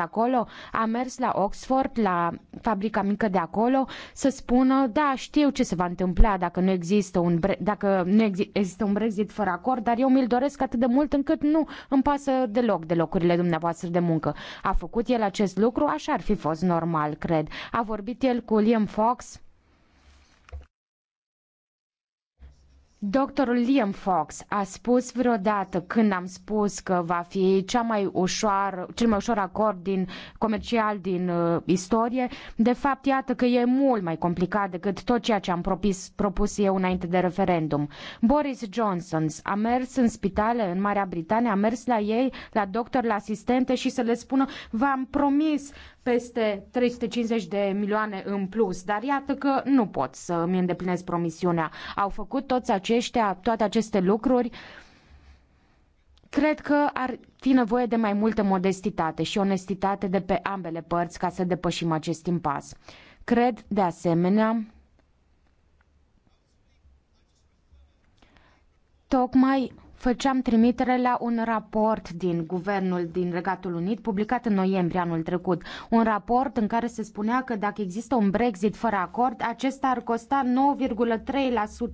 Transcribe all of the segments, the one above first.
acolo, a mers la Oxford, la fabrica mică de acolo, să spună, da, știu ce se va întâmpla dacă nu există un, bre- dacă nu există un Brexit fără acord, dar eu mi-l doresc atât de mult încât nu îmi pasă deloc de locurile dumneavoastră de muncă. A făcut el acest lucru, așa ar fi fost normal, cred. A vorbit el cu Liam Fox, Doctorul Liam Fox a spus vreodată când am spus că va fi cea mai ușoară, cel mai ușor acord din, comercial din uh, istorie, de fapt iată că e mult mai complicat decât tot ceea ce am propus, propus eu înainte de referendum. Boris Johnson a mers în spitale în Marea Britanie, a mers la ei, la doctor, la asistente și să le spună v-am promis peste 350 de milioane în plus, dar iată că nu pot să mi îndeplinesc promisiunea. Au făcut toți acești aceștia, toate aceste lucruri, cred că ar fi nevoie de mai multă modestitate și onestitate de pe ambele părți ca să depășim acest impas. Cred, de asemenea, tocmai făceam trimitere la un raport din guvernul din Regatul Unit, publicat în noiembrie anul trecut. Un raport în care se spunea că dacă există un Brexit fără acord, acesta ar costa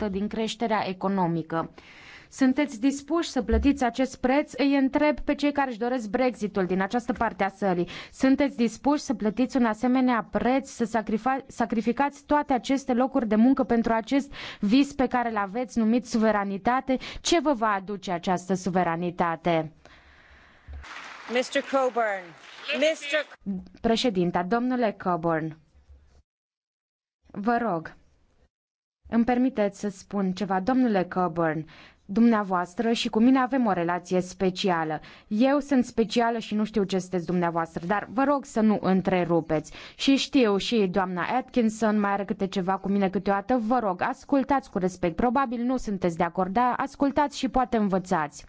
9,3% din creșterea economică. Sunteți dispuși să plătiți acest preț? Îi întreb pe cei care își doresc Brexitul din această parte a sălii. Sunteți dispuși să plătiți un asemenea preț, să sacrificați toate aceste locuri de muncă pentru acest vis pe care îl aveți numit suveranitate? Ce vă va aduce această suveranitate? Mr. Coburn. Mr. Președinta, domnule Coburn, vă rog, îmi permiteți să spun ceva, domnule Coburn, dumneavoastră și cu mine avem o relație specială. Eu sunt specială și nu știu ce sunteți dumneavoastră, dar vă rog să nu întrerupeți. Și știu și doamna Atkinson mai are câte ceva cu mine câteodată, vă rog, ascultați cu respect. Probabil nu sunteți de acord, dar ascultați și poate învățați.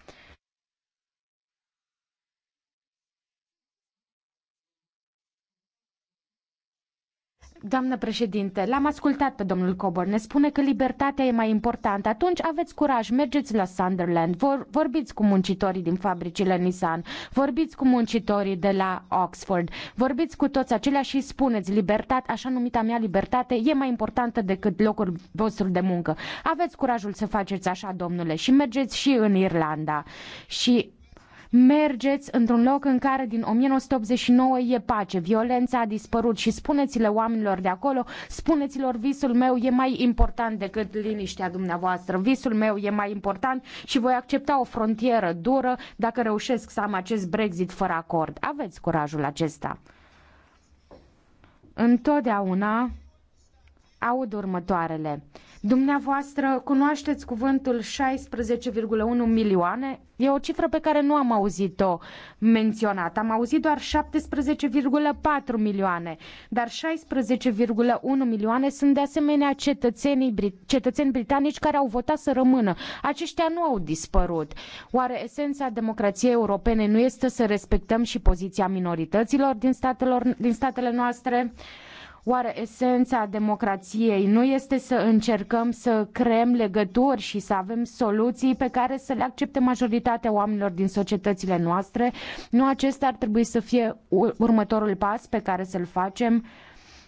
Doamnă președinte, l-am ascultat pe domnul Cobor. Ne spune că libertatea e mai importantă. Atunci aveți curaj, mergeți la Sunderland, vor, vorbiți cu muncitorii din fabricile Nissan, vorbiți cu muncitorii de la Oxford, vorbiți cu toți acelea și spuneți libertate, așa numita mea libertate, e mai importantă decât locul vostru de muncă. Aveți curajul să faceți așa, domnule, și mergeți și în Irlanda. Și Mergeți într-un loc în care din 1989 e pace, violența a dispărut și spuneți-le oamenilor de acolo, spuneți-lor visul meu e mai important decât liniștea dumneavoastră, visul meu e mai important și voi accepta o frontieră dură dacă reușesc să am acest Brexit fără acord. Aveți curajul acesta. Întotdeauna aud următoarele. Dumneavoastră cunoașteți cuvântul 16,1 milioane? E o cifră pe care nu am auzit-o menționată. Am auzit doar 17,4 milioane, dar 16,1 milioane sunt de asemenea cetățenii, cetățeni britanici care au votat să rămână. Aceștia nu au dispărut. Oare esența democrației europene nu este să respectăm și poziția minorităților din, statelor, din statele noastre? Oare esența democrației nu este să încercăm să creăm legături și să avem soluții pe care să le accepte majoritatea oamenilor din societățile noastre? Nu acesta ar trebui să fie următorul pas pe care să-l facem?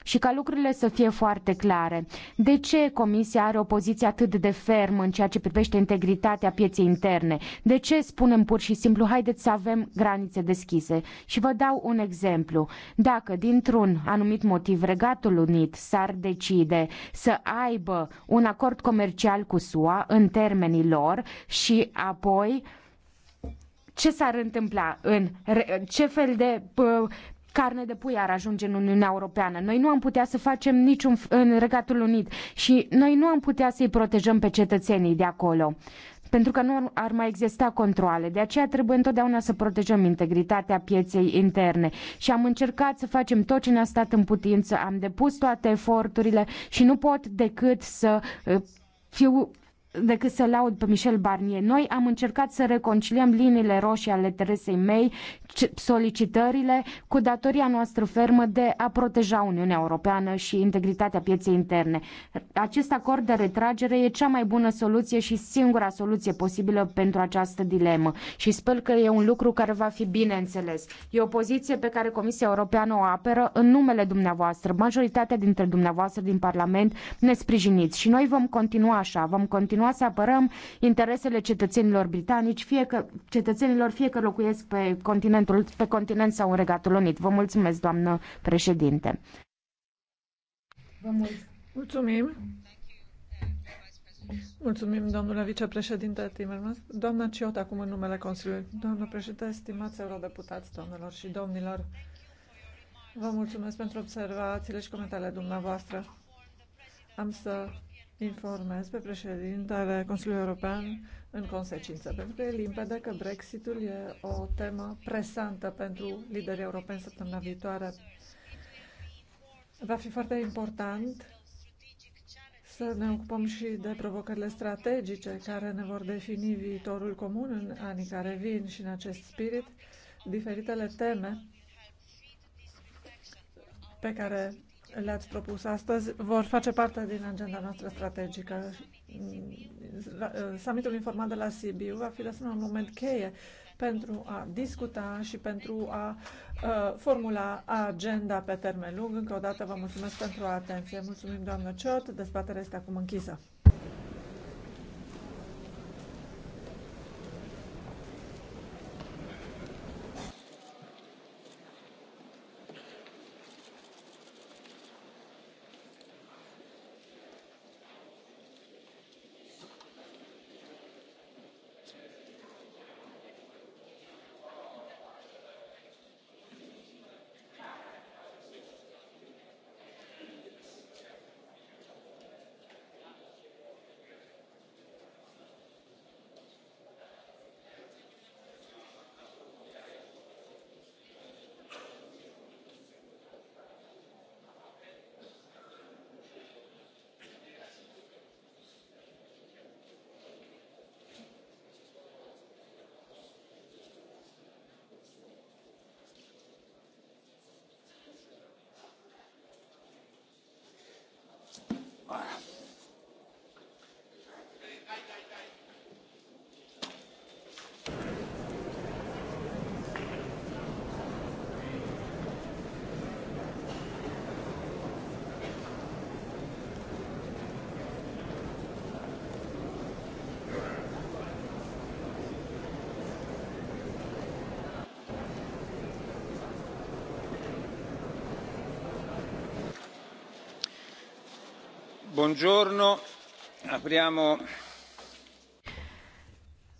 și ca lucrurile să fie foarte clare. De ce Comisia are o poziție atât de fermă în ceea ce privește integritatea pieței interne? De ce spunem pur și simplu, haideți să avem granițe deschise? Și vă dau un exemplu. Dacă dintr-un anumit motiv Regatul Unit s-ar decide să aibă un acord comercial cu SUA în termenii lor și apoi ce s-ar întâmpla în ce fel de carne de pui ar ajunge în Uniunea Europeană. Noi nu am putea să facem niciun în Regatul Unit și noi nu am putea să-i protejăm pe cetățenii de acolo pentru că nu ar mai exista controle. De aceea trebuie întotdeauna să protejăm integritatea pieței interne și am încercat să facem tot ce ne-a stat în putință, am depus toate eforturile și nu pot decât să uh, fiu decât să laud pe Michel Barnier. Noi am încercat să reconciliem liniile roșii ale Teresei mei, solicitările, cu datoria noastră fermă de a proteja Uniunea Europeană și integritatea pieței interne. Acest acord de retragere e cea mai bună soluție și singura soluție posibilă pentru această dilemă și sper că e un lucru care va fi bine înțeles. E o poziție pe care Comisia Europeană o apără în numele dumneavoastră. Majoritatea dintre dumneavoastră din Parlament ne sprijiniți și noi vom continua așa, vom continua continua să apărăm interesele cetățenilor britanici, fie că cetățenilor fie că locuiesc pe continentul pe continent sau în Regatul Unit. Vă mulțumesc, doamnă președinte. Vă mulțumesc. Mulțumim. Mulțumim, domnule vicepreședinte Timmermans. Doamna Ciot, acum în numele Consiliului. Doamna președinte, stimați eurodeputați, domnilor și domnilor, vă mulțumesc pentru observațiile și comentariile dumneavoastră. Am să informez pe președintele Consiliului European în consecință, pentru că e limpede că Brexitul e o temă presantă pentru liderii europeni săptămâna viitoare. Va fi foarte important să ne ocupăm și de provocările strategice care ne vor defini viitorul comun în anii care vin și în acest spirit diferitele teme pe care le-ați propus astăzi vor face parte din agenda noastră strategică. Summitul informat de la Sibiu va fi de asemenea un moment cheie pentru a discuta și pentru a uh, formula agenda pe termen lung. Încă o dată vă mulțumesc pentru atenție. Mulțumim, doamnă Ciot. Dezbaterea este acum închisă.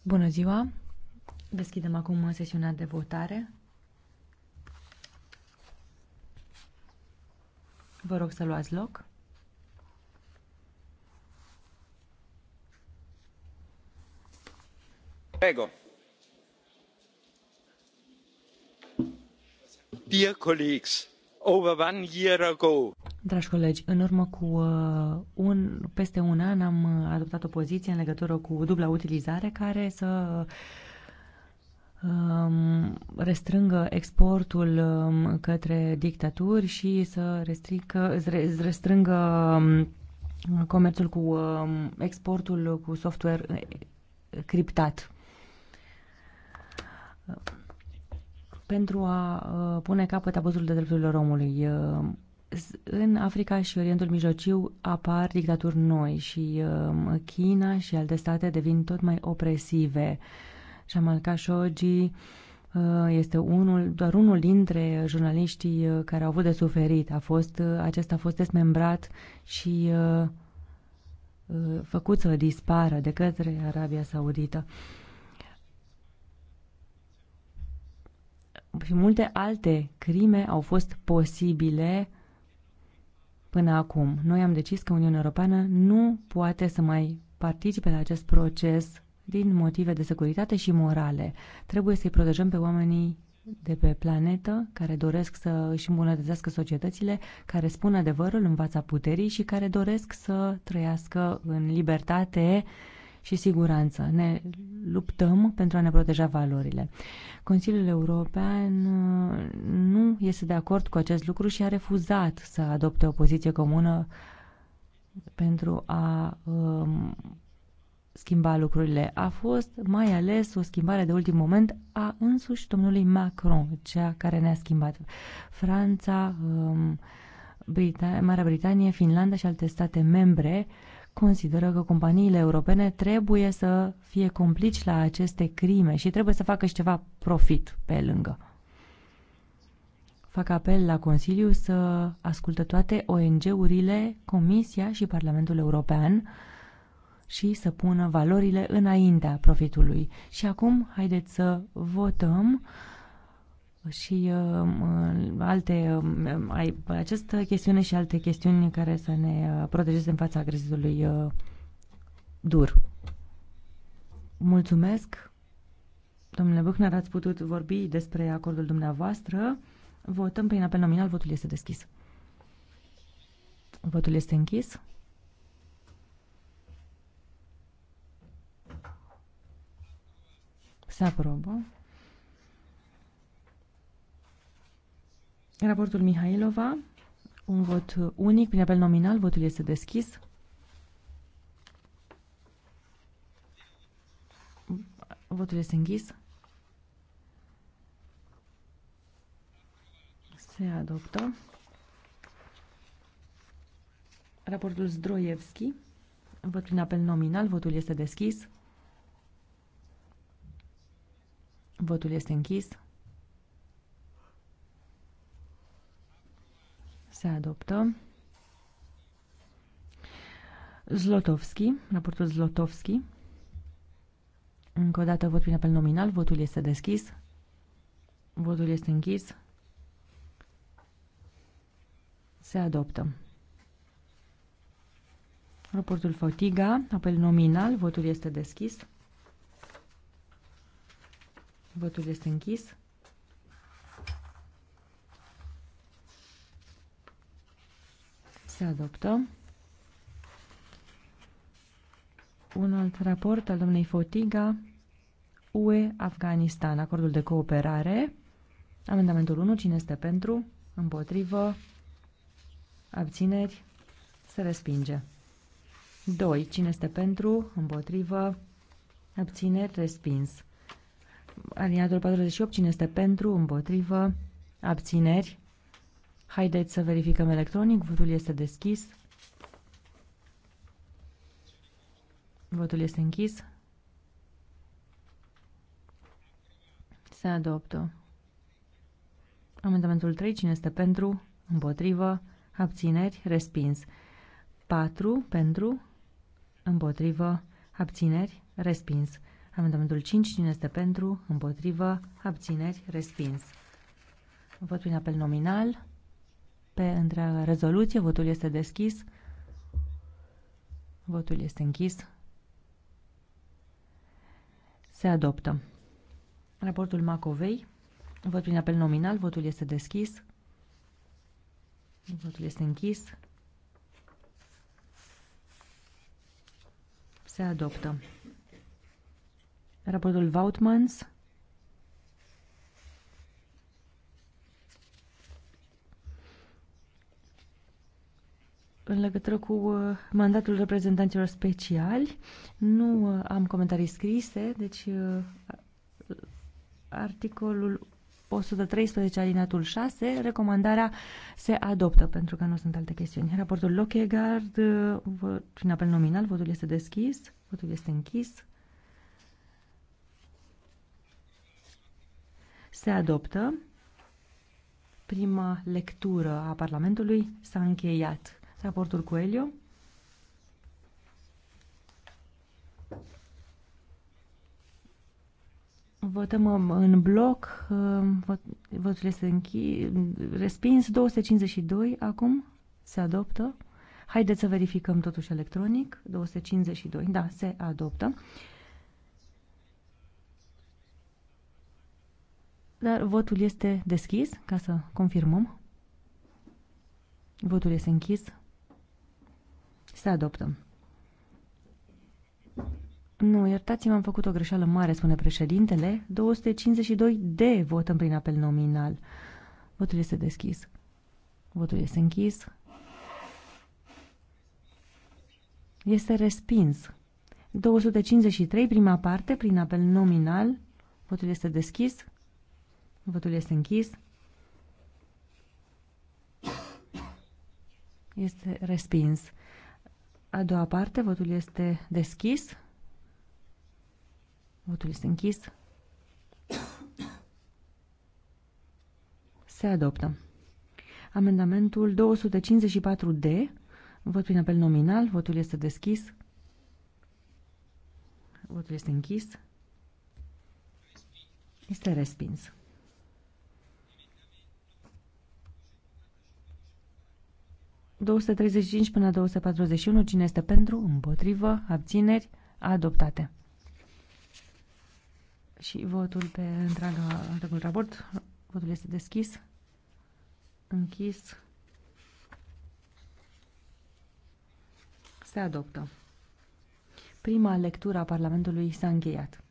Bună ziua. Deschidem acum sesiunea de votare. Vă rog să luați loc. Prego. Dear colleagues, over one year ago. Dragi colegi, în urmă cu uh, un, peste un an am uh, adoptat o poziție în legătură cu dubla utilizare care să um, restrângă exportul um, către dictaturi și să restrică, restrângă um, comerțul cu um, exportul cu software uh, criptat pentru a uh, pune capăt abuzul de drepturilor omului. Uh, în Africa și Orientul Mijlociu apar dictaturi noi și uh, China și alte state devin tot mai opresive. Jamal Khashoggi este unul, doar unul dintre jurnaliștii care au avut de suferit. A fost, acesta a fost desmembrat și făcut să dispară de către Arabia Saudită. și multe alte crime au fost posibile până acum. Noi am decis că Uniunea Europeană nu poate să mai participe la acest proces din motive de securitate și morale. Trebuie să-i protejăm pe oamenii de pe planetă care doresc să își îmbunătățească societățile, care spun adevărul în fața puterii și care doresc să trăiască în libertate și siguranță. Ne luptăm pentru a ne proteja valorile. Consiliul European uh, nu este de acord cu acest lucru și a refuzat să adopte o poziție comună pentru a um, schimba lucrurile. A fost mai ales o schimbare de ultim moment a însuși domnului Macron, cea care ne-a schimbat. Franța, um, Marea Britanie, Finlanda și alte state membre uh, consideră că companiile europene trebuie să fie complici la aceste crime și trebuie să facă și ceva profit pe lângă. Fac apel la Consiliu să asculte toate ONG-urile, Comisia și Parlamentul European și să pună valorile înaintea profitului. Și acum, haideți să votăm și um, uh, alte, uh, această chestiune și alte chestiuni care să ne uh, protejeze în fața agresivului uh, dur. Mulțumesc. Domnule Buchner, ați putut vorbi despre acordul dumneavoastră. Votăm prin apel nominal, votul este deschis. Votul este închis. Se aprobă. Raportul Mihailova, un vot unic prin apel nominal, votul este deschis. Votul este închis. Se adoptă. Raportul Zdroievski. Vot prin apel nominal. Votul este deschis. Votul este închis. Se adoptă. Zlotovski, raportul Zlotovski. Încă o dată vot prin apel nominal, votul este deschis. Votul este închis. Se adoptă. Raportul Fotiga, apel nominal, votul este deschis. Votul este închis. Se adoptă. Un alt raport al domnei Fotiga, UE-Afganistan, acordul de cooperare. Amendamentul 1, cine este pentru? Împotrivă? Abțineri? Se respinge. 2. Cine este pentru? Împotrivă? Abțineri? Respins. Aliniatul 48. Cine este pentru? Împotrivă? Abțineri? Haideți să verificăm electronic. Votul este deschis. Votul este închis. Se adoptă. Amendamentul 3. Cine este pentru? Împotrivă. Abțineri. Respins. 4. Pentru. Împotrivă. Abțineri. Respins. Amendamentul 5. Cine este pentru? Împotrivă. Abțineri. Respins. Vot prin apel nominal pe întreaga rezoluție. Votul este deschis. Votul este închis. Se adoptă. Raportul Macovei. Vot prin apel nominal. Votul este deschis. Votul este închis. Se adoptă. Raportul Vautmans. în legătură cu uh, mandatul reprezentanților speciali, nu uh, am comentarii scrise, deci uh, articolul 113 alinatul 6, recomandarea se adoptă, pentru că nu sunt alte chestiuni. Raportul Lochegard, prin apel nominal, votul este deschis, votul este închis. Se adoptă. Prima lectură a Parlamentului s-a încheiat raportul elio. Votăm în bloc. votul este închis. Respins 252 acum. Se adoptă. Haideți să verificăm totuși electronic. 252. Da, se adoptă. Dar votul este deschis, ca să confirmăm. Votul este închis. Se adoptă. Nu, iertați-mă, am făcut o greșeală mare, spune președintele. 252 de votăm prin apel nominal. Votul este deschis. Votul este închis. Este respins. 253, prima parte, prin apel nominal. Votul este deschis. Votul este închis. Este respins. A doua parte, votul este deschis. Votul este închis. Se adoptă. Amendamentul 254D, vot prin apel nominal, votul este deschis. Votul este închis. Este respins. 235 până la 241. Cine este pentru? Împotrivă. Abțineri. Adoptate. Și votul pe întreaga, întregul raport. Votul este deschis. Închis. Se adoptă. Prima lectură a Parlamentului s-a încheiat.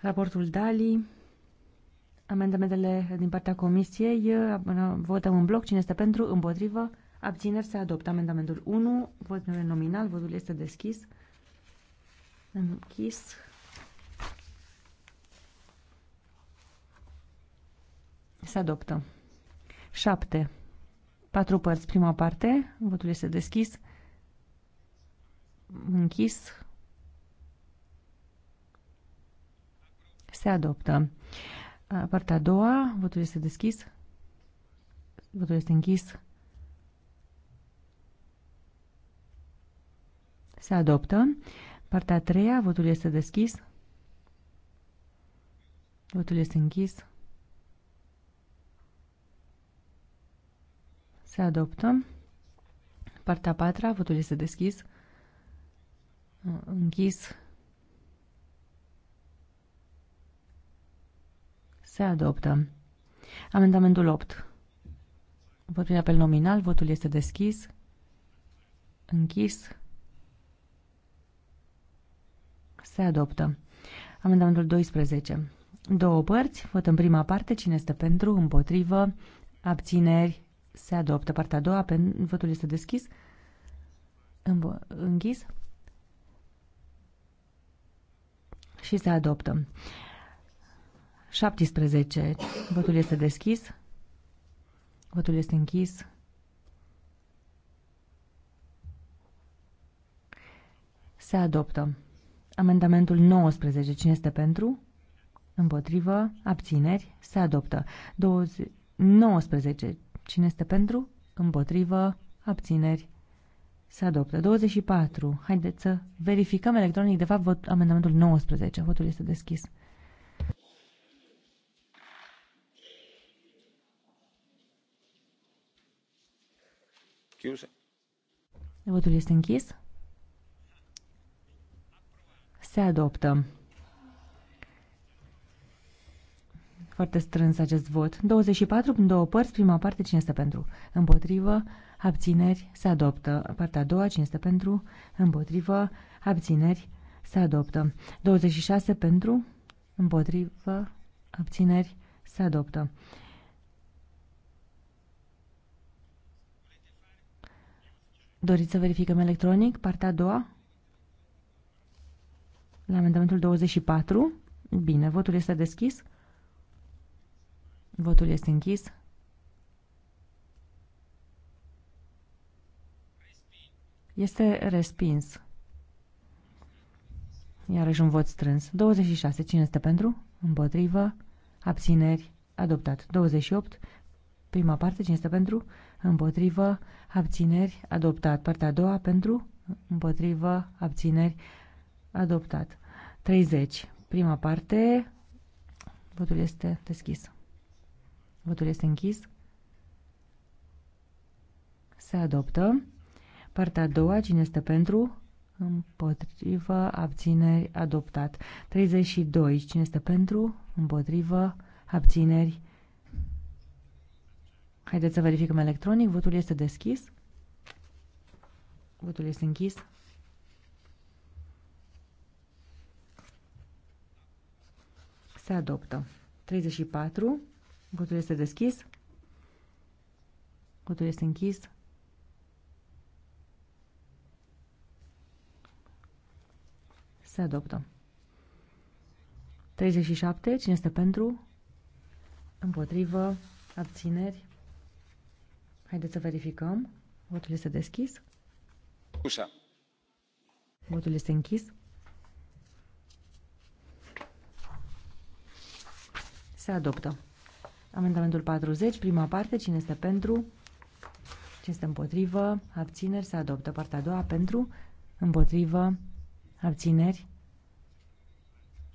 Raportul Dali Amendamentele din partea comisiei uh, votăm în bloc. Cine este pentru? Împotrivă? Abțineri se adoptă. Amendamentul 1, votul nominal, votul este deschis. Închis. Se adoptă. 7. Patru părți, prima parte, votul este deschis. Închis. Se adoptă. Partea a doua, votul este deschis. Votul este închis. Se adoptă. Partea a treia, votul este deschis. Votul este închis. Se adoptă. Partea a patra, votul este deschis. Închis. Se adoptă. Amendamentul 8. Vot prin apel nominal. Votul este deschis. Închis. Se adoptă. Amendamentul 12. Două părți. Vot în prima parte. Cine este pentru? Împotrivă? Abțineri? Se adoptă. Partea a doua. Votul este deschis. Închis. Și se adoptă. 17. Votul este deschis. Votul este închis. Se adoptă. Amendamentul 19. Cine este pentru? Împotrivă. Abțineri. Se adoptă. 20, 19. Cine este pentru? Împotrivă. Abțineri. Se adoptă. 24. Haideți să verificăm electronic, de fapt, vot, amendamentul 19. Votul este deschis. Chiuse. Votul este închis. Se adoptă. Foarte strâns acest vot. 24 în două părți, prima parte, cine este pentru? Împotrivă, abțineri, se adoptă. Partea a doua, cine este pentru? Împotrivă, abțineri, se adoptă. 26 pentru, împotrivă, abțineri, se adoptă. Doriți să verificăm electronic partea a doua? La amendamentul 24. Bine, votul este deschis. Votul este închis. Este respins. Iarăși un vot strâns. 26. Cine este pentru? Împotrivă. Abțineri. Adoptat. 28. Prima parte. Cine este pentru? împotrivă, abțineri, adoptat. Partea a doua pentru, împotrivă, abțineri, adoptat. 30. Prima parte, votul este deschis. Votul este închis. Se adoptă. Partea a doua, cine este pentru? Împotrivă, abțineri, adoptat. 32, cine este pentru? Împotrivă, abțineri, Haideți să verificăm electronic. Votul este deschis. Votul este închis. Se adoptă. 34. Votul este deschis. Votul este închis. Se adoptă. 37. Cine este pentru? Împotrivă. Abțineri. Haideți să verificăm. Votul este deschis. Ușa. Votul este închis. Se adoptă. Amendamentul 40, prima parte, cine este pentru, cine este împotrivă, abțineri, se adoptă. Partea a doua, pentru, împotrivă, abțineri.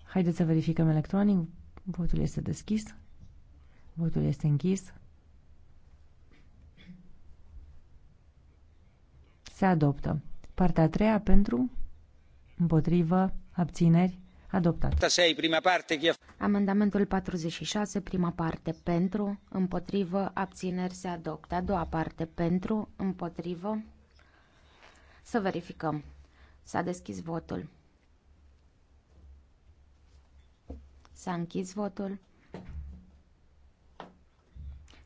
Haideți să verificăm electronic. Votul este deschis. Votul este închis. se adoptă. Partea a treia pentru, împotrivă, abțineri, adoptat. Amendamentul 46, prima parte pentru, împotrivă, abțineri, se adoptă. A doua parte pentru, împotrivă. Să verificăm. S-a deschis votul. S-a închis votul.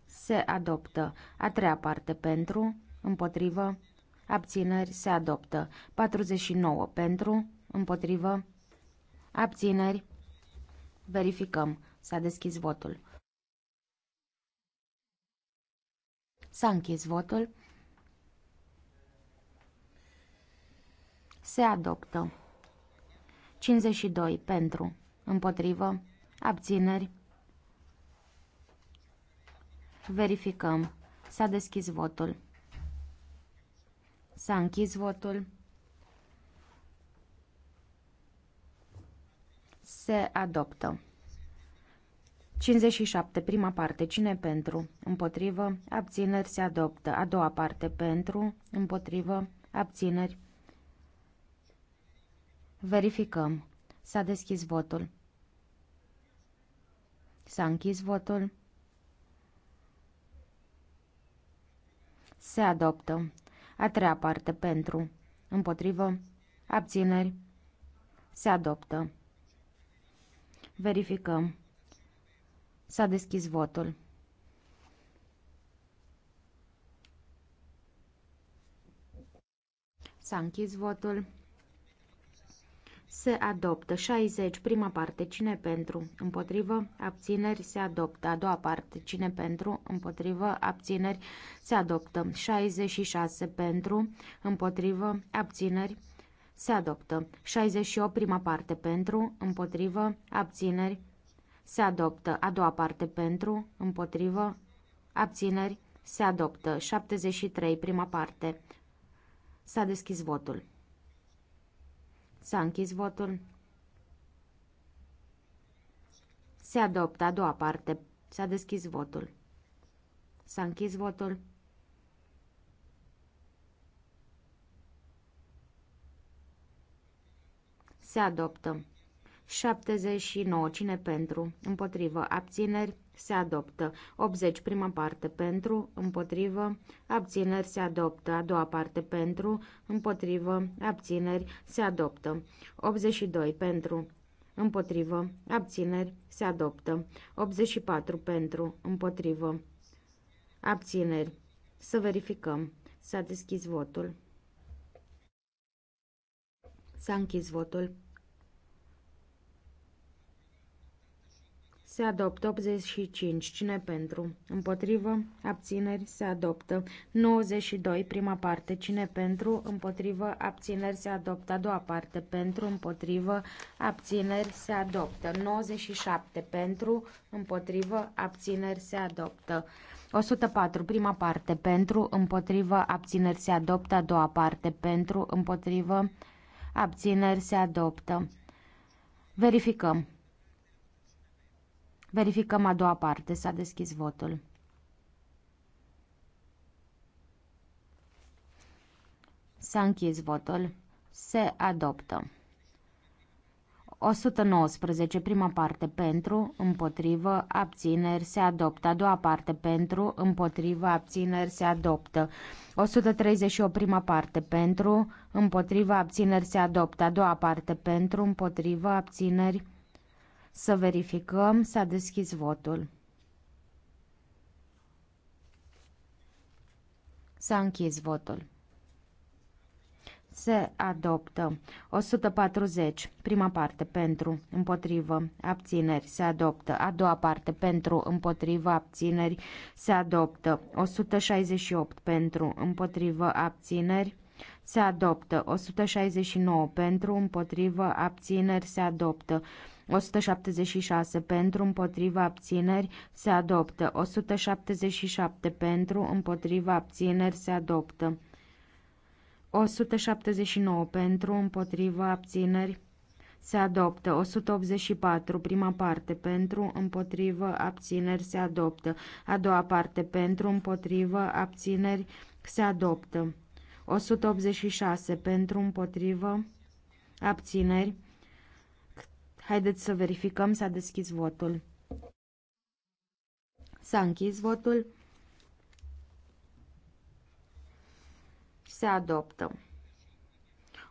Se adoptă. A treia parte pentru, împotrivă, Abțineri se adoptă. 49 pentru, împotrivă. Abțineri. Verificăm. S-a deschis votul. S-a închis votul. Se adoptă. 52 pentru, împotrivă, abțineri. Verificăm. S-a deschis votul. S-a închis votul. Se adoptă. 57. Prima parte. Cine pentru? Împotrivă. Abțineri se adoptă. A doua parte. Pentru. Împotrivă. Abțineri. Verificăm. S-a deschis votul. S-a închis votul. Se adoptă. A treia parte pentru. Împotrivă. Abțineri. Se adoptă. Verificăm. S-a deschis votul. S-a închis votul se adoptă. 60, prima parte, cine pentru, împotrivă, abțineri, se adoptă. A doua parte, cine pentru, împotrivă, abțineri, se adoptă. 66, pentru, împotrivă, abțineri, se adoptă. 68, prima parte, pentru, împotrivă, abțineri, se adoptă. A doua parte, pentru, împotrivă, abțineri, se adoptă. 73, prima parte, s-a deschis votul. S-a închis votul. Se adoptă a doua parte. S-a deschis votul. S-a închis votul. Se adoptă. 79. Cine pentru? Împotrivă. Abțineri se adoptă. 80 prima parte pentru, împotrivă, abțineri se adoptă. A doua parte pentru, împotrivă, abțineri se adoptă. 82 pentru, împotrivă, abțineri se adoptă. 84 pentru, împotrivă, abțineri. Să verificăm. S-a deschis votul. S-a închis votul. se adoptă 85. Cine pentru? Împotrivă? Abțineri? Se adoptă 92. Prima parte. Cine pentru? Împotrivă? Abțineri? Se adoptă a doua parte. Pentru? Împotrivă? Abțineri? Se adoptă 97. Pentru? Împotrivă? Abțineri? Se adoptă 104. Prima parte. Pentru? Împotrivă? Abțineri? Se adoptă a doua parte. Pentru? Împotrivă? Abțineri? Se adoptă. Verificăm. Verificăm a doua parte. S-a deschis votul. S-a închis votul. Se adoptă. 119, prima parte pentru, împotrivă, abțineri, se adoptă. A doua parte pentru, împotrivă, abțineri, se adoptă. 131 prima parte pentru, împotrivă, abțineri, se adoptă. A doua parte pentru, împotrivă, abțineri, se să verificăm, s-a deschis votul. S-a închis votul. Se adoptă. 140. Prima parte pentru, împotrivă, abțineri. Se adoptă. A doua parte pentru, împotrivă, abțineri. Se adoptă. 168 pentru, împotrivă, abțineri. Se adoptă. 169 pentru, împotrivă, abțineri. Se adoptă. 176 pentru, împotriva abțineri, se adoptă. 177 pentru, împotriva abțineri, se adoptă. 179 pentru, împotriva abțineri, se adoptă 184, prima parte pentru, împotriva abțineri, se adoptă. A doua parte pentru, împotriva abțineri, se adoptă. 186 pentru, împotriva abțineri, Haideți să verificăm, s-a deschis votul. S-a închis votul. Se adoptă.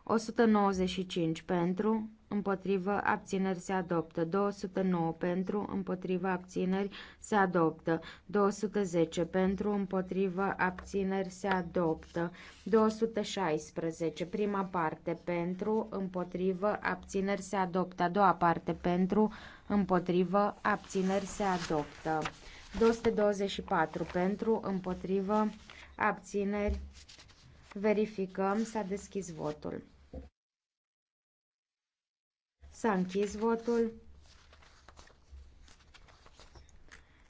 195 pentru, împotrivă, abțineri se adoptă. 209 pentru, împotrivă, abțineri se adoptă. 210 pentru, împotrivă, abțineri se adoptă. 216, prima parte pentru, împotrivă, abțineri se adoptă. A doua parte pentru, împotrivă, abțineri se adoptă. 224 pentru, împotrivă, abțineri. Verificăm, s-a deschis votul. S-a închis votul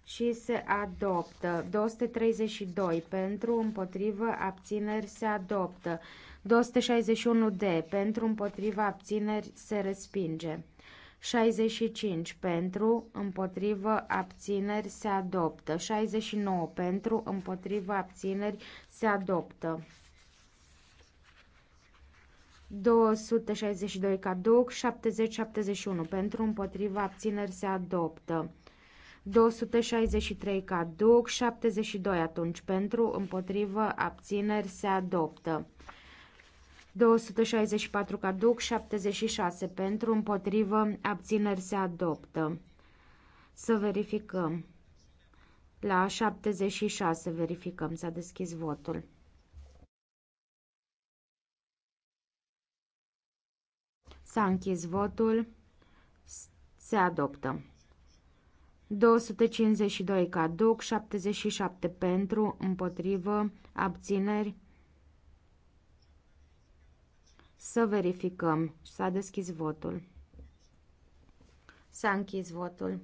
și se adoptă. 232 pentru, împotrivă, abțineri se adoptă. 261 de pentru, împotrivă, abțineri se respinge. 65 pentru, împotrivă, abțineri se adoptă. 69 pentru, împotrivă, abțineri se adoptă. 262 caduc, 70-71 pentru, împotriva abțineri se adoptă. 263 caduc, 72 atunci pentru, împotrivă, abțineri se adoptă. 264 caduc, 76 pentru, împotrivă, abțineri se adoptă. Să verificăm. La 76 verificăm, s-a deschis votul. S-a închis votul. Se adoptă. 252 caduc, 77 pentru, împotrivă, abțineri. Să verificăm. S-a deschis votul. S-a închis votul.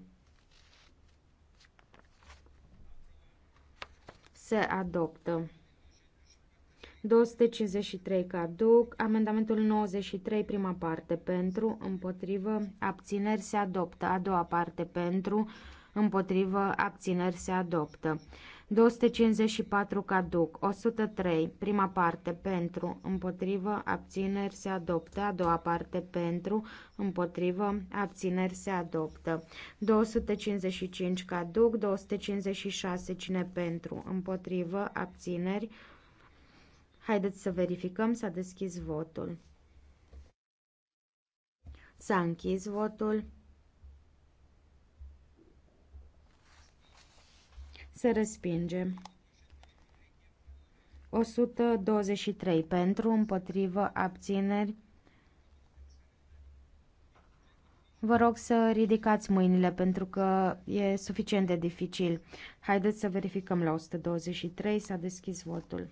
Se adoptă. 253 caduc, amendamentul 93 prima parte pentru, împotrivă, abțineri se adoptă, a doua parte pentru, împotrivă, abțineri se adoptă. 254 caduc, 103 prima parte pentru, împotrivă, abțineri se adoptă, a doua parte pentru, împotrivă, abțineri se adoptă. 255 caduc, 256 cine pentru, împotrivă, abțineri se Haideți să verificăm, s-a deschis votul. S-a închis votul. Se respinge. 123 pentru, împotrivă, abțineri. Vă rog să ridicați mâinile pentru că e suficient de dificil. Haideți să verificăm la 123, s-a deschis votul.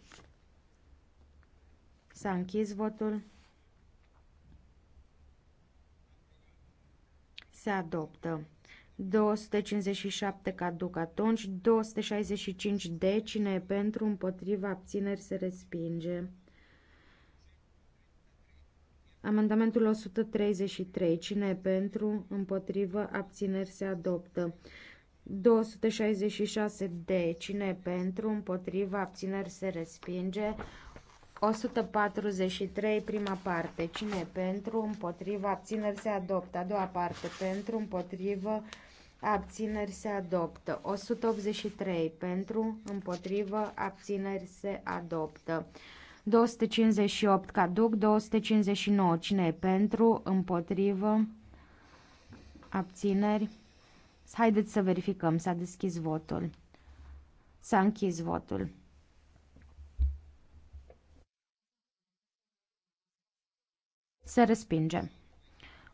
S-a închis votul. Se adoptă. 257 caduc atunci, 265 decine pentru, împotriva, abțineri se respinge. Amendamentul 133. Cine e pentru, împotrivă, abțineri se adoptă. 266 de. Cine e pentru, împotrivă, abțineri se respinge. 143, prima parte. Cine pentru, împotriva, abțineri se adoptă. A doua parte, pentru, împotrivă, abțineri se adoptă. 183, pentru, împotrivă, abțineri se adoptă. 258, caduc. 259, cine pentru, împotrivă, abțineri. Haideți să verificăm, s-a deschis votul. S-a închis votul. Se respinge.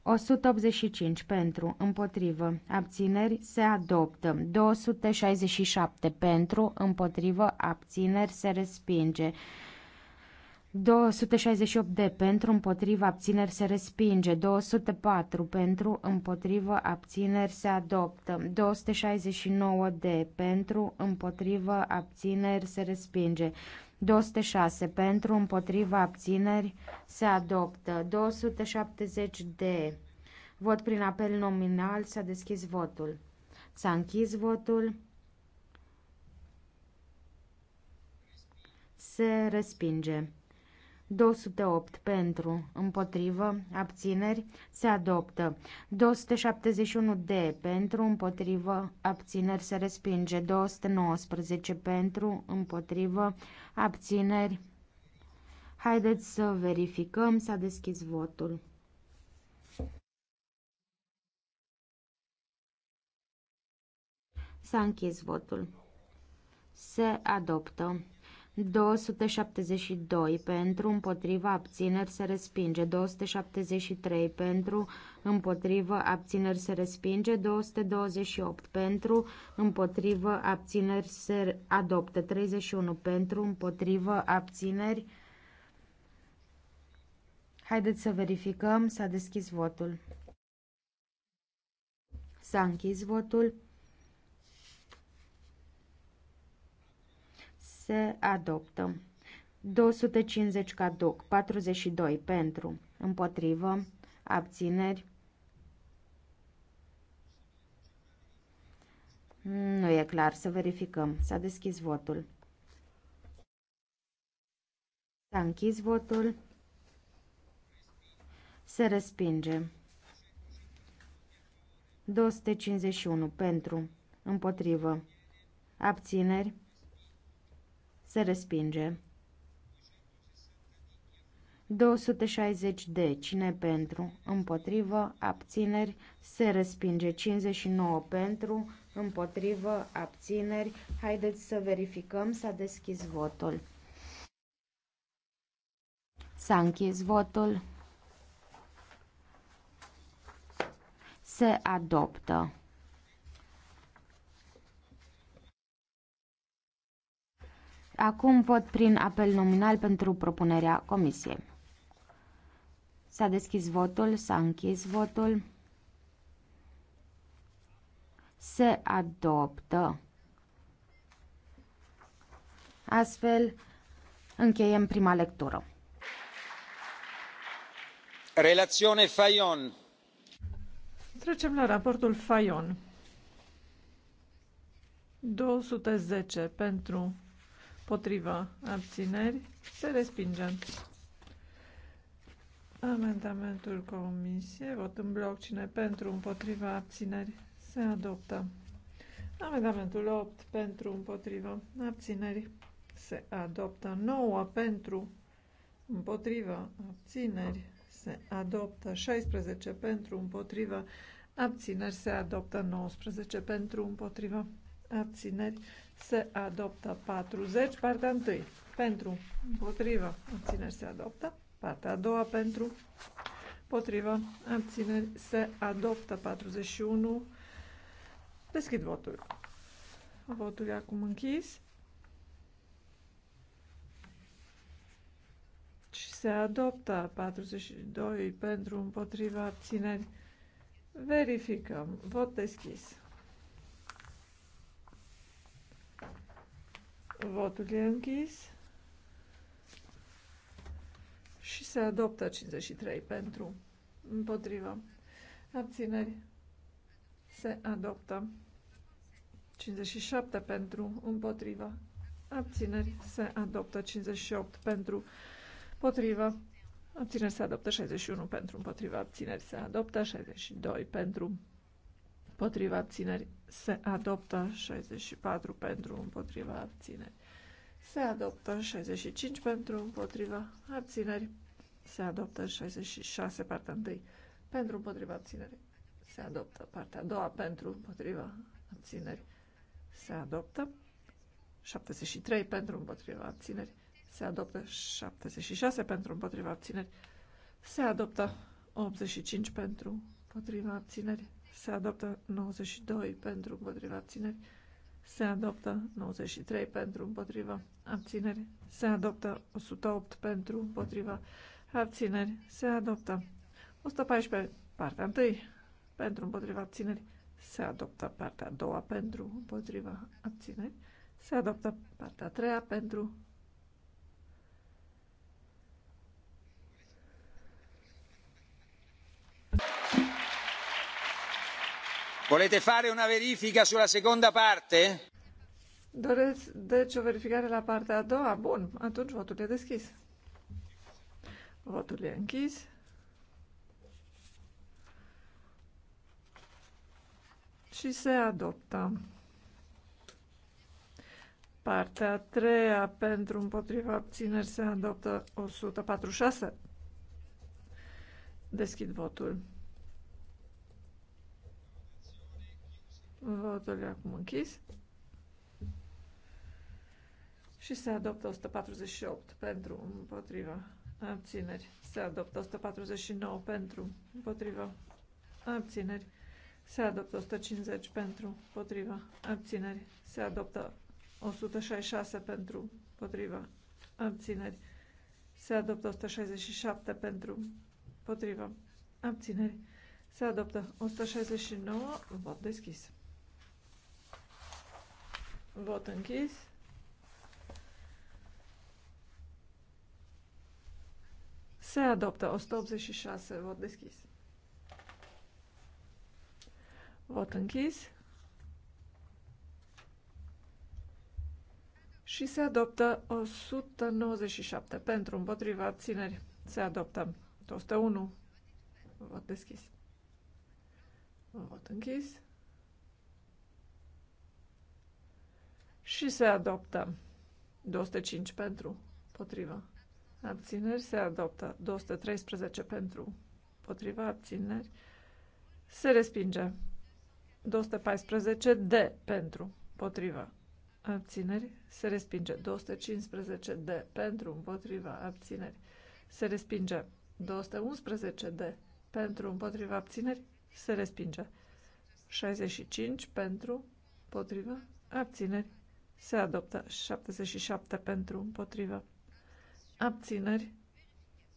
185 pentru, împotrivă, abțineri, se adoptă. 267 pentru, împotrivă, abțineri, se respinge. 268 de pentru, împotrivă, abțineri, se respinge. 204 pentru, împotrivă, abțineri, se adoptă. 269 de pentru, împotrivă, abțineri, se respinge. 206 pentru, împotriva abțineri se adoptă. 270 de vot prin apel nominal s-a deschis votul. S-a închis votul. Se respinge. 208 pentru, împotrivă, abțineri, se adoptă. 271 de pentru, împotrivă, abțineri, se respinge. 219 pentru, împotrivă, abțineri. Haideți să verificăm, s-a deschis votul. S-a închis votul. Se adoptă. 272 pentru, împotriva, abțineri se respinge. 273 pentru, împotriva abțineri se respinge. 228 pentru, împotriva abțineri se adoptă. 31 pentru, împotriva abțineri. Haideți să verificăm. S-a deschis votul. S-a închis votul. se adoptă. 250 doc, 42 pentru, împotrivă, abțineri. Nu e clar, să verificăm. S-a deschis votul. S-a închis votul. Se respinge. 251 pentru, împotrivă, abțineri. Se respinge. 260 de cine pentru, împotrivă, abțineri, se respinge 59 pentru, împotrivă, abțineri. Haideți să verificăm, s-a deschis votul. S-a închis votul. Se adoptă. Acum vot prin apel nominal pentru propunerea comisiei. S-a deschis votul, s-a închis votul. Se adoptă. Astfel, încheiem prima lectură. Relațiune Fayon. Trecem la raportul Fayon. 210 pentru Potriva Abțineri. Se respinge. Amendamentul comisiei. Vot în bloc. Cine pentru? Împotriva. Abțineri. Se adoptă. Amendamentul 8 pentru împotriva Abțineri. Se adoptă. 9 pentru împotriva Abțineri. Se adoptă. 16 pentru împotriva Abțineri. Se adoptă. 19 pentru împotriva Abțineri se adoptă 40, partea 1 pentru, împotrivă, abțineri se adoptă, partea a doua pentru, împotrivă, abțineri se adoptă 41, deschid votul. Votul e acum închis. Și se adoptă 42 pentru împotriva abțineri. Verificăm. Vot deschis. Votul e închis. Și se adoptă 53 pentru. Împotrivă. Abțineri. Se adoptă. 57 pentru. Împotrivă. Abțineri. Se adoptă. 58 pentru. Împotrivă. Abțineri se adoptă 61 pentru împotriva abțineri se adoptă 62 pentru împotriva abțineri se adoptă 64 pentru împotriva abțineri. Se adoptă 65 pentru împotriva abțineri. Se adoptă 66 partea 1 pentru împotriva abținerii. Se adoptă partea a doua pentru împotriva abținerii. Se adoptă 73 pentru împotriva abținerii. Se adoptă 76 pentru împotriva abținerii. Se adoptă 85 pentru împotriva abținerii se adoptă 92 pentru împotriva abțineri, se adoptă 93 pentru împotriva abțineri, se adoptă 108 pentru împotriva abțineri, se adoptă 114 partea 1 pentru împotriva abțineri, se adoptă partea a doua pentru împotriva abțineri, se adoptă partea a treia pentru Volete fare una verifica sulla seconda parte? Doreți, deci, o verificare la partea a doua? Bun, atunci votul e deschis. Votul e închis. Și se adoptă. Partea a treia pentru împotriva abțineri se adoptă 146. Deschid votul. Votul e acum închis. Și se adoptă 148 pentru împotriva abțineri. Se adoptă 149 pentru împotriva abțineri. Se adoptă 150 pentru împotriva abțineri. Se adoptă 166 pentru împotriva abțineri. Se adoptă 167 pentru împotriva abțineri. Se adoptă 169 vot deschis. Vot închis. Se adoptă 186. Vot deschis. Vot închis. Și se adoptă 197. Pentru, împotriva, abțineri. Se adoptă 101. Vot deschis. Vot închis. și se adoptă. 205 pentru, potrivă. Abțineri se adoptă. 213 pentru, potrivă. Abțineri se respinge. 214 de pentru, potrivă. Abțineri se respinge. 215 de pentru, împotriva. Abțineri se respinge. 211 de pentru, împotriva. Abțineri se respinge. 65 pentru, potrivă. Abțineri se adoptă 77 pentru împotrivă. Abțineri.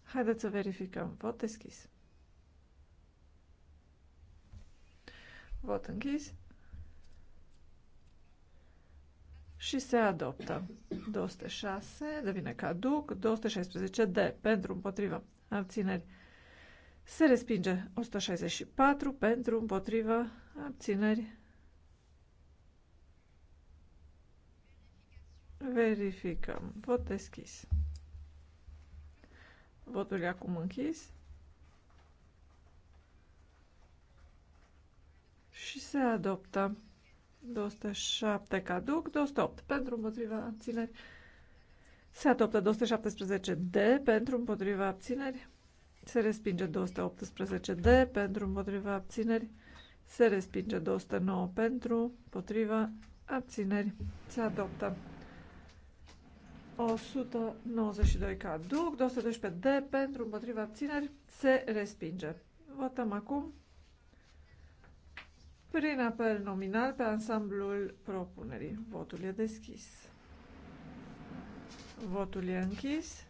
Haideți să verificăm. Vot deschis. Vot închis. Și se adoptă. 206 devine caduc. 216 de pentru împotrivă. Abțineri. Se respinge 164 pentru împotrivă abțineri Verificăm. Vot deschis. Votul e acum închis. Și se adoptă 207 caduc, 208 pentru împotriva abțineri. Se adoptă 217 D pentru împotriva abțineri. Se respinge 218 D pentru împotriva abțineri. Se respinge 209 pentru împotriva abțineri. Se adoptă 192 caduc, 212 de pentru împotriva abțineri se respinge. Votăm acum prin apel nominal pe ansamblul propunerii. Votul e deschis. Votul e închis.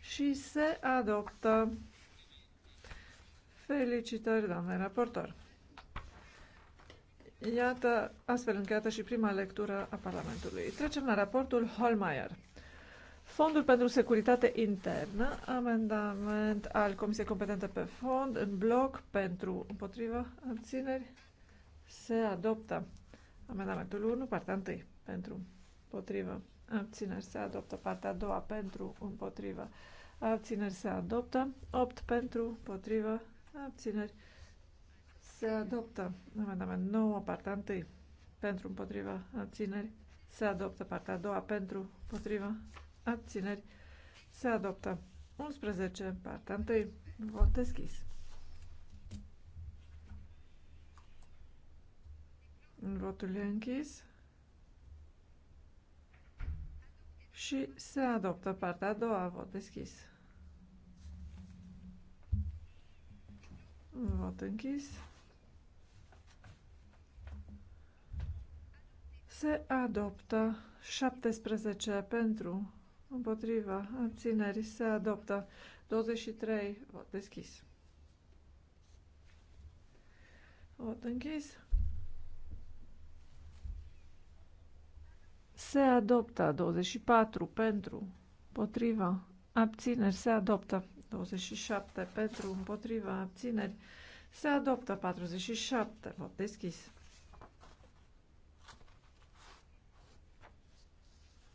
Și se adoptă. Felicitări, doamne raportor! Iată, astfel încheiată și prima lectură a Parlamentului. Trecem la raportul Holmeier. Fondul pentru Securitate Internă, amendament al Comisiei Competente pe Fond, în bloc pentru împotriva abțineri, se adoptă amendamentul 1, partea 1, pentru împotriva abțineri, se adoptă partea 2, pentru împotriva abțineri, se adoptă 8 pentru împotriva abțineri se adoptă amendament 9, partea 1, pentru împotriva abțineri. Se adoptă partea a doua pentru împotriva abțineri. Se adoptă 11, partea 1, vot deschis. Votul e închis. Și se adoptă partea a doua, vot deschis. Vot închis. Se adoptă 17 pentru, împotriva, abținerii. Se adoptă 23, vot deschis. Vot închis. Se adoptă 24 pentru, împotriva, abțineri. Se adoptă 27 pentru, împotriva, abțineri. Se adoptă 47, vot deschis.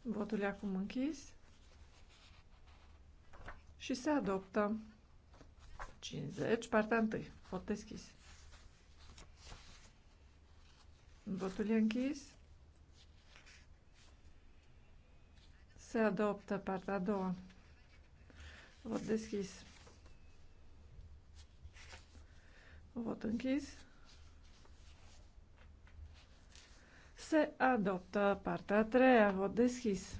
Votul e acum închis. Și se adoptă 50, partea 1. Vot deschis. Votul e închis. Se adoptă partea a doua. Vot deschis. Vot închis. Se adoptă partea a treia. Vot deschis.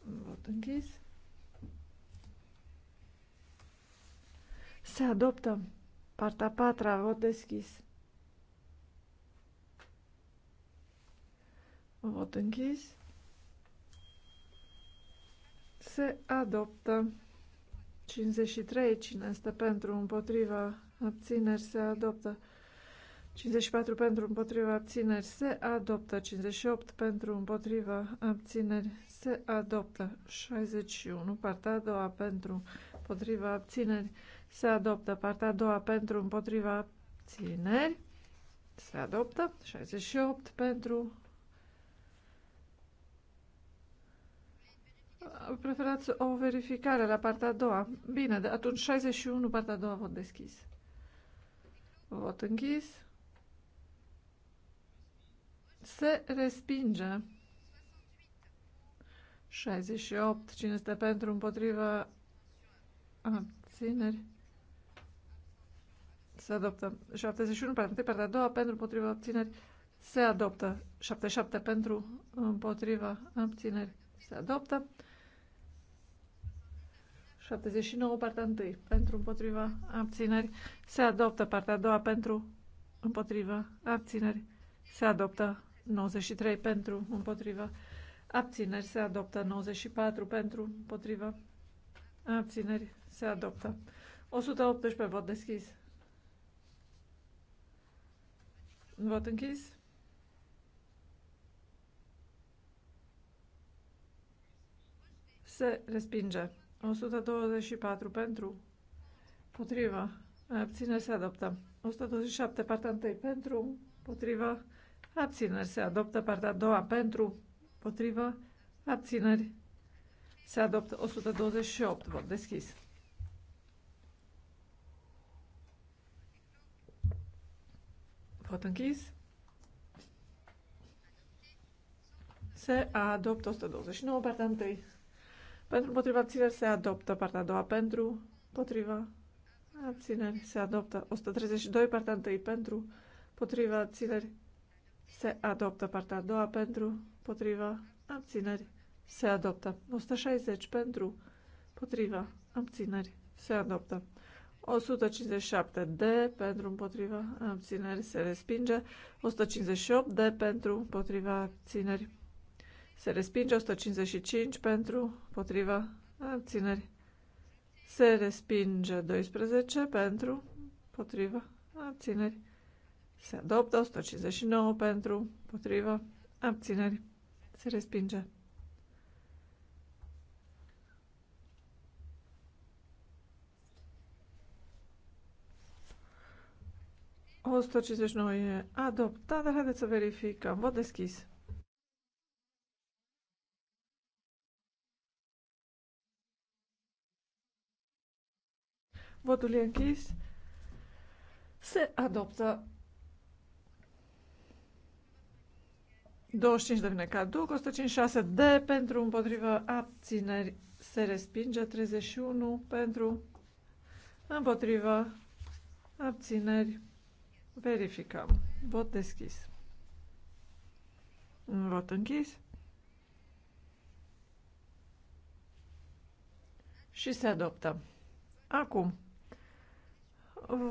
Vot închis. Se adoptă partea a patra. Vot deschis. Vot închis. Se adoptă 53. Cine este pentru, împotriva, abțineri, se adoptă. 54 pentru împotriva abțineri se adoptă. 58 pentru împotriva abțineri se adoptă. 61 partea a doua pentru împotriva abțineri se adoptă. Partea a doua pentru împotriva abțineri se adoptă. 68 pentru Preferați o verificare la partea a doua. Bine, atunci 61 partea a doua vot deschis. Vot închis. Se respinge. 68. Cine este pentru, împotriva abțineri? Se adoptă. 71. Partea 1, partea 2. pentru, împotriva abțineri? Se adoptă. 77. Pentru, împotriva abțineri? Se adoptă. 79. Partea 1. Pentru, împotriva, abțineri? Se adoptă. Partea 2. pentru, împotriva abțineri? Se adoptă. 93 pentru, împotrivă. Abțineri se adoptă. 94 pentru, împotrivă. Abțineri se adoptă. 118 vot deschis. Vot închis. Se respinge. 124 pentru. Potriva. Abțineri se adoptă. 127 partea 1 pentru. Potriva abțineri se adoptă. Partea a doua pentru, potrivă, abțineri se adoptă. 128 vot deschis. Vot închis. Se adoptă 129, partea 1. Pentru împotriva abțineri se adoptă partea a doua. Pentru împotriva abțineri se adoptă 132, partea 1. Pentru împotriva abțineri se adoptă partea a doua pentru, potriva, abțineri. Se adoptă. 160 pentru, potriva, abțineri. Se adoptă. 157 de pentru împotriva abțineri se respinge, 158 de pentru împotriva abțineri se respinge, 155 pentru împotriva abțineri se respinge, 12 pentru împotriva abțineri se adoptă 159 pentru, potrivă, abțineri. Se respinge. O 159 e adoptat, dar haideți să verificăm. Vot deschis. Votul e închis. Se adoptă 25 devine caduc, 156 de pentru împotrivă abțineri se respinge, 31 pentru împotrivă abțineri verificăm. Vot deschis. Vot închis. Și se adoptă. Acum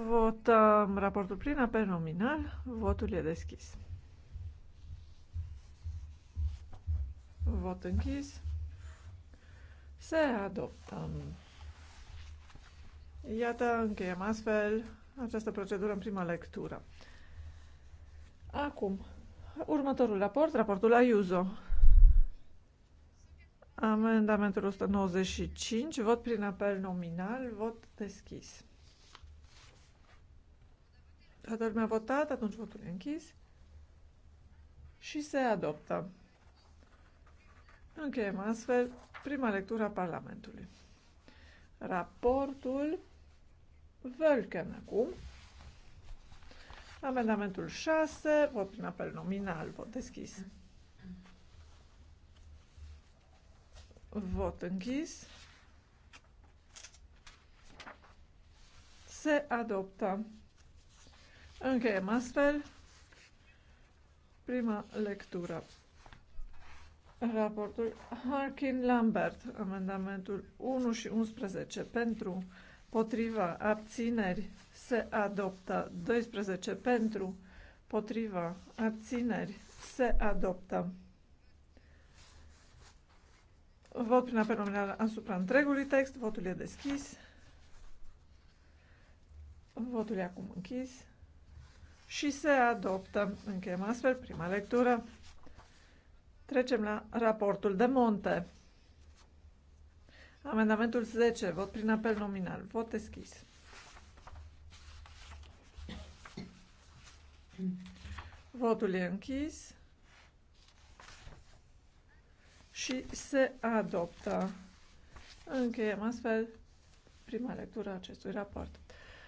votăm raportul plin apel nominal. Votul e deschis. Vot închis. Se adoptă. Iată, încheiem astfel această procedură în prima lectură. Acum, următorul raport, raportul Ayuso. Amendamentul 195, vot prin apel nominal, vot deschis. Toată lumea a votat, atunci votul e închis și se adoptă. Încheiem astfel prima lectură a Parlamentului. Raportul Völken acum. Amendamentul 6, vot prin apel nominal, vot deschis. Vot închis. Se adoptă. Încheiem astfel prima lectură Raportul Harkin-Lambert, amendamentul 1 și 11 pentru, potriva, abțineri, se adoptă. 12 pentru, potriva, abțineri, se adoptă. Vot prin apel nominal asupra întregului text. Votul e deschis. Votul e acum închis. Și se adoptă. Încheiem astfel prima lectură. Trecem la raportul de monte. Amendamentul 10, vot prin apel nominal. Vot deschis. Votul e închis și se adoptă. Încheiem astfel prima lectură a acestui raport.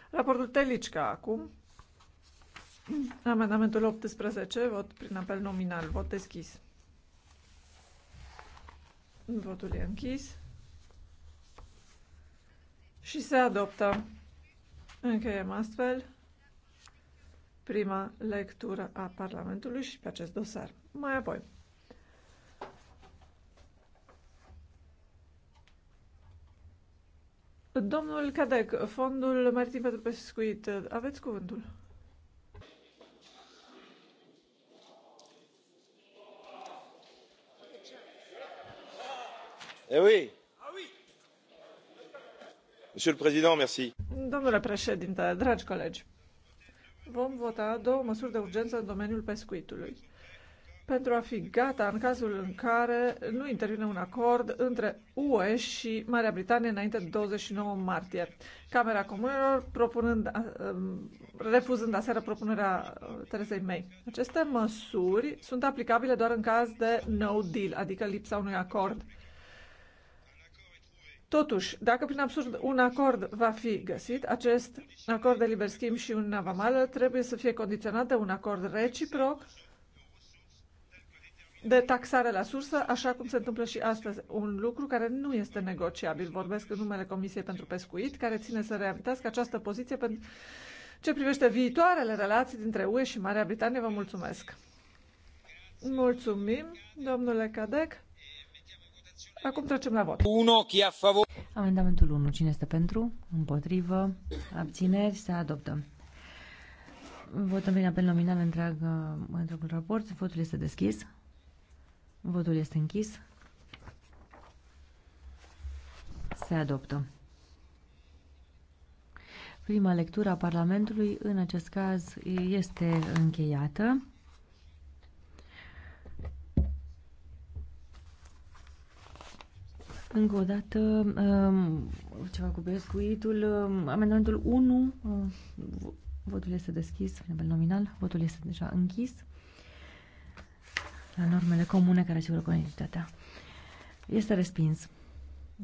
Raportul Telicca acum. Amendamentul 18, vot prin apel nominal, vot deschis. Votul e închis. Și se adoptă. Încheiem astfel prima lectură a Parlamentului și pe acest dosar. Mai apoi. Domnul Cadec, Fondul Maritim pentru Pescuit, aveți cuvântul. Eh ah domnule președinte dragi colegi vom vota două măsuri de urgență în domeniul pescuitului pentru a fi gata în cazul în care nu intervine un acord între UE și Marea Britanie înainte de 29 martie. Camera Comunelor propunând, um, refuzând aseară propunerea uh, Terezei May. Aceste măsuri sunt aplicabile doar în caz de no deal, adică lipsa unui acord. Totuși, dacă prin absurd un acord va fi găsit, acest acord de liber schimb și un navamală trebuie să fie condiționat de un acord reciproc de taxare la sursă, așa cum se întâmplă și astăzi. Un lucru care nu este negociabil. Vorbesc în numele Comisiei pentru Pescuit, care ține să reamintească această poziție pentru ce privește viitoarele relații dintre UE și Marea Britanie. Vă mulțumesc! Mulțumim, domnule Cadec. Acum trecem la vot. 1. Chi a favor? Amendamentul 1. Cine este pentru? Împotrivă? Abțineri? Se adoptă. Votăm prin apel nominal întreg, întregul raport. Votul este deschis. Votul este închis. Se adoptă. Prima lectură a Parlamentului, în acest caz, este încheiată. Încă o dată, um, ceva cu pescuitul, um, amendamentul 1, uh, votul este deschis, nivel nominal, votul este deja închis la normele comune care asigură conectivitatea. Este respins.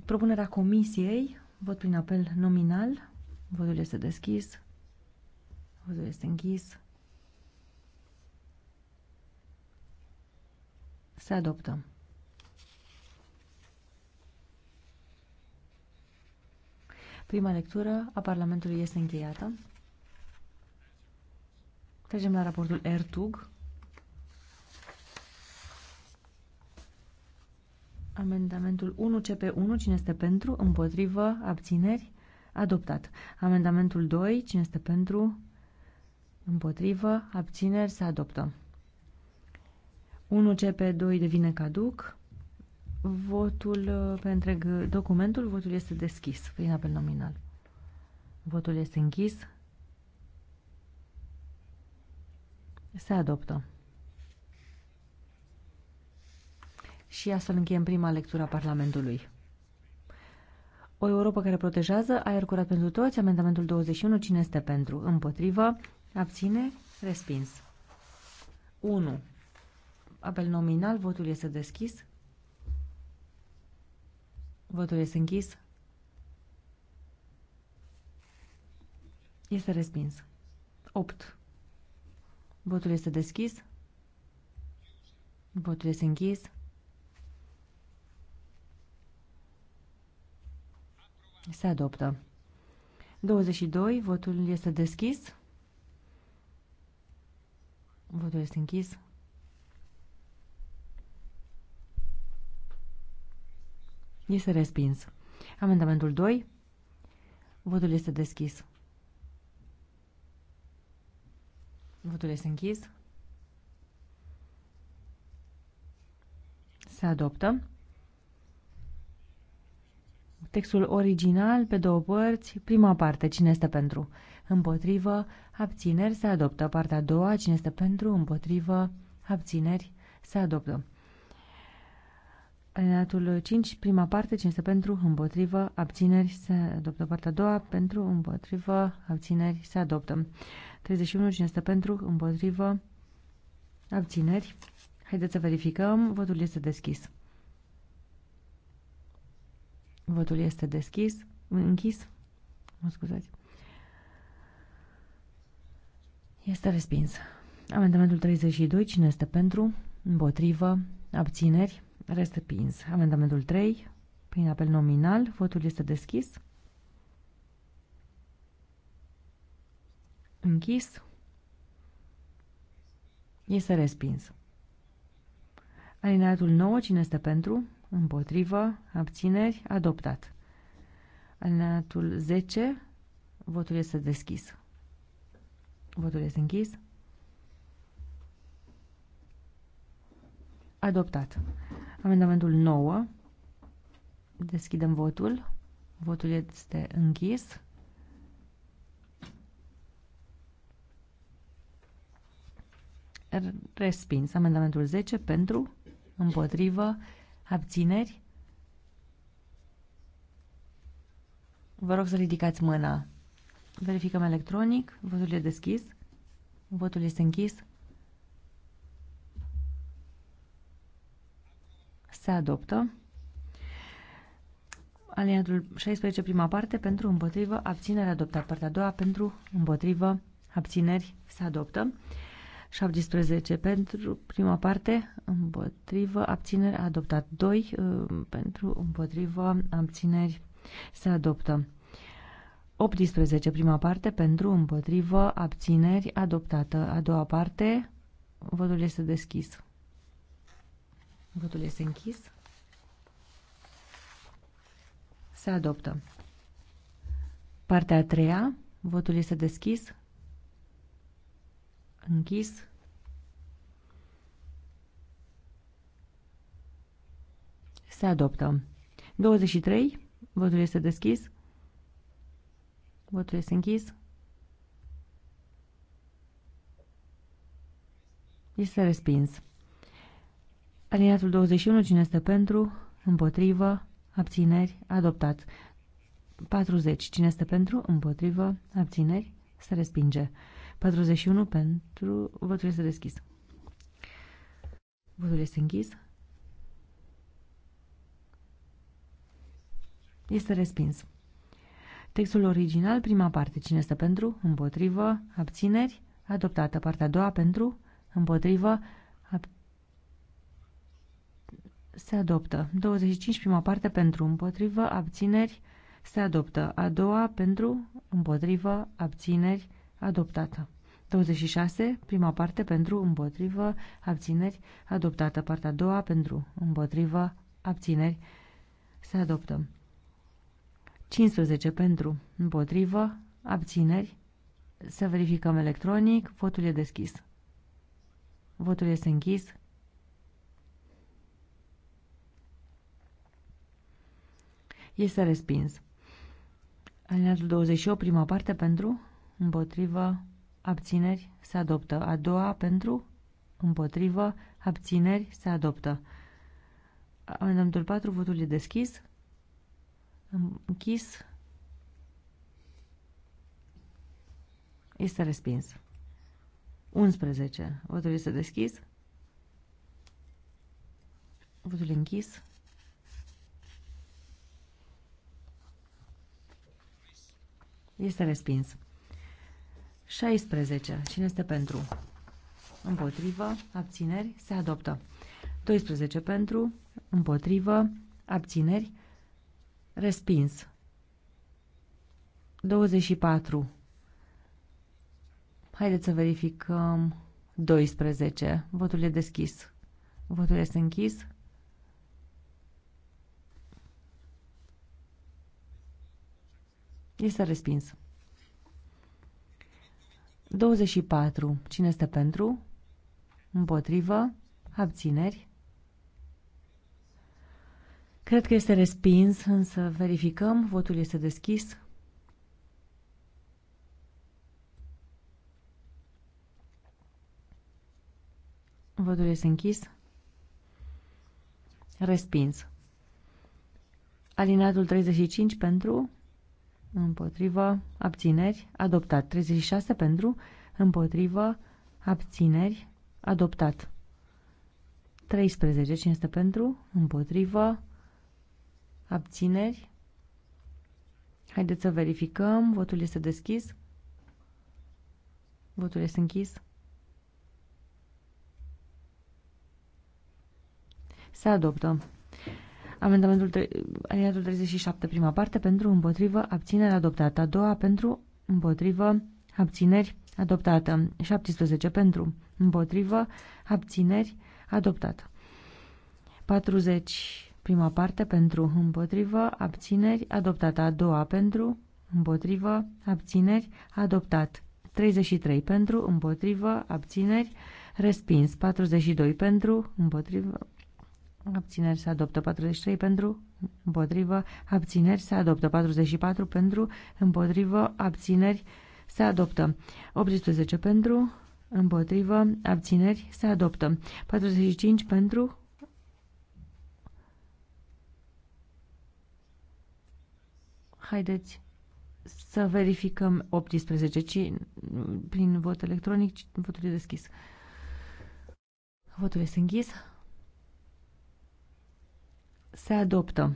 Propunerea comisiei, vot prin apel nominal, votul este deschis, votul este închis. Se adoptă. Prima lectură a Parlamentului este încheiată. Trecem la raportul Ertug. Amendamentul 1 CP1, cine este pentru, împotrivă, abțineri, adoptat. Amendamentul 2, cine este pentru, împotrivă, abțineri, se adoptă. 1 CP2 devine caduc. Votul uh, pe întreg uh, documentul, votul este deschis prin apel nominal. Votul este închis. Se adoptă. Și astfel încheiem prima lectură a Parlamentului. O Europa care protejează, aer curat pentru toți, amendamentul 21, cine este pentru? Împotrivă, abține, respins. 1. Apel nominal, votul este deschis. Votul este închis. Este respins. 8. Votul este deschis. Votul este închis. Se adoptă. 22. Votul este deschis. Votul este închis. Este respins. Amendamentul 2. Votul este deschis. Votul este închis. Se adoptă. Textul original pe două părți, prima parte, cine este pentru? Împotrivă, abțineri, se adoptă. Partea a doua, cine este pentru? Împotrivă, abțineri, se adoptă. Alineatul 5, prima parte, 5 pentru, împotrivă, abțineri, se adoptă. Partea a doua, pentru, împotrivă, abțineri, se adoptă. 31, 5 pentru, împotrivă, abțineri. Haideți să verificăm. Votul este deschis. Votul este deschis. Închis. Mă scuzați. Este respins. Amendamentul 32, cine este pentru, împotrivă, abțineri. Respins. Amendamentul 3, prin apel nominal, votul este deschis. Închis. Este respins. Alineatul 9, cine este pentru? Împotrivă, abțineri, adoptat. Alineatul 10, votul este deschis. Votul este închis. Adoptat. Amendamentul 9. Deschidem votul. Votul este închis. Respins. Amendamentul 10 pentru, împotrivă, abțineri. Vă rog să ridicați mâna. Verificăm electronic. Votul e deschis. Votul este închis. Se adoptă. aliniatul 16, prima parte, pentru împotrivă, abținere adoptat. Partea a doua, pentru împotrivă, abțineri, se adoptă. 17 pentru prima parte, împotrivă, abțineri, adoptat. 2 uh, pentru împotrivă, abțineri, se adoptă. 18 prima parte, pentru împotrivă, abțineri, adoptată. A doua parte, votul este deschis. Votul este închis. Se adoptă. Partea a treia. Votul este deschis. Închis. Se adoptă. 23. Votul este deschis. Votul este închis. Este respins. Aliniatul 21, cine este pentru? Împotrivă. Abțineri. Adoptat. 40. Cine este pentru? Împotrivă. Abțineri. Se respinge. 41 pentru. Votul este deschis. Votul este închis. Este respins. Textul original, prima parte. Cine este pentru? Împotrivă. Abțineri. Adoptată. Partea a doua pentru. Împotrivă. abțineri se adoptă. 25 prima parte pentru împotrivă, abțineri, se adoptă. A doua pentru împotrivă, abțineri, adoptată. 26 prima parte pentru împotrivă, abțineri, adoptată. Partea a doua pentru împotrivă, abțineri, se adoptă. 15 pentru împotrivă, abțineri, să verificăm electronic, votul e deschis. Votul este închis. Este respins. Alineatul 28, prima parte pentru, împotrivă, abțineri, se adoptă. A doua pentru, împotrivă, abțineri, se adoptă. Amendamentul 4, votul e deschis. Închis. Este respins. 11. Votul este deschis. Votul e închis. Este respins. 16. Cine este pentru? Împotrivă. Abțineri. Se adoptă. 12 pentru. Împotrivă. Abțineri. Respins. 24. Haideți să verificăm 12. Votul e deschis. Votul este închis. Este respins. 24. Cine este pentru? Împotrivă? Abțineri? Cred că este respins, însă verificăm. Votul este deschis. Votul este închis. Respins. Alinatul 35 pentru, împotrivă, abțineri, adoptat. 36 pentru, împotrivă, abțineri, adoptat. 13, cine este pentru, împotrivă, abțineri. Haideți să verificăm, votul este deschis. Votul este închis. Se adoptă. Amendamentul aliatul 37, prima parte, pentru, împotrivă, abțineri, adoptată. A doua, pentru, împotrivă, abțineri, adoptată. 17, pentru, împotrivă, abțineri, adoptată. 40, prima parte, pentru, împotrivă, abțineri, adoptată. A doua, pentru, împotrivă, abțineri, adoptat. 33 pentru, împotrivă, abțineri, respins. 42 pentru, împotrivă, Abțineri se adoptă 43 pentru, împotrivă, abțineri se adoptă 44 pentru, împotrivă, abțineri se adoptă 18 pentru, împotrivă, abțineri se adoptă 45 pentru, haideți să verificăm 18 ci, prin vot electronic, votul e deschis. Votul este închis. Se adoptă.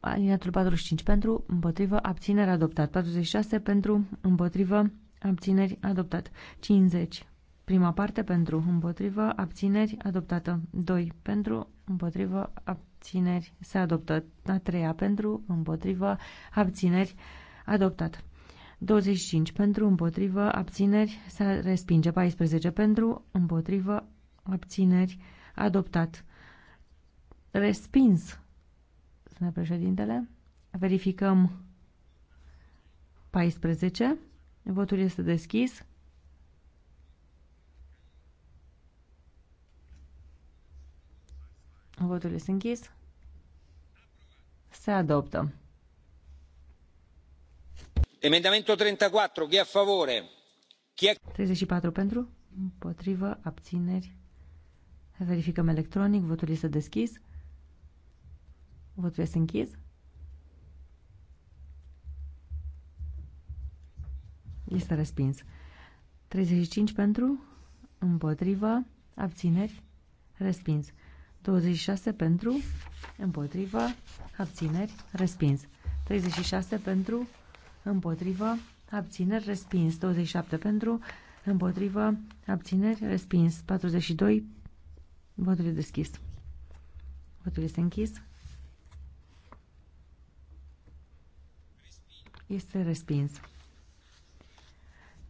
Alineatul 45 pentru, împotrivă, abțineri adoptat. 46 pentru, împotrivă, abțineri adoptat. 50. Prima parte pentru, împotrivă, abțineri adoptată. 2. Pentru, împotrivă, abțineri se adoptă. A treia pentru, împotrivă, abțineri adoptat. 25 pentru, împotrivă, abțineri, să respinge. 14 pentru, împotrivă, abțineri, adoptat. Respins, spune președintele. Verificăm 14. Votul este deschis. Votul este închis. Se adoptă. Emendamentul 34, chi a favore? Chi a... 34 pentru, împotrivă, abțineri. Verificăm electronic, votul este deschis. Votul este închis. Este respins. 35 pentru, împotrivă, abțineri, respins. 26 pentru, împotrivă, abțineri, respins. 36 pentru, împotrivă, abțineri, respins. 27 pentru, împotrivă, abțineri, respins. 42, votul e deschis. Votul este închis. Este respins.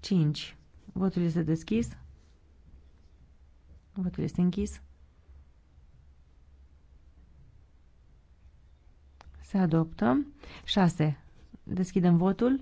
5. Votul este deschis. Votul este închis. Se adoptă. 6. Deschidem votul.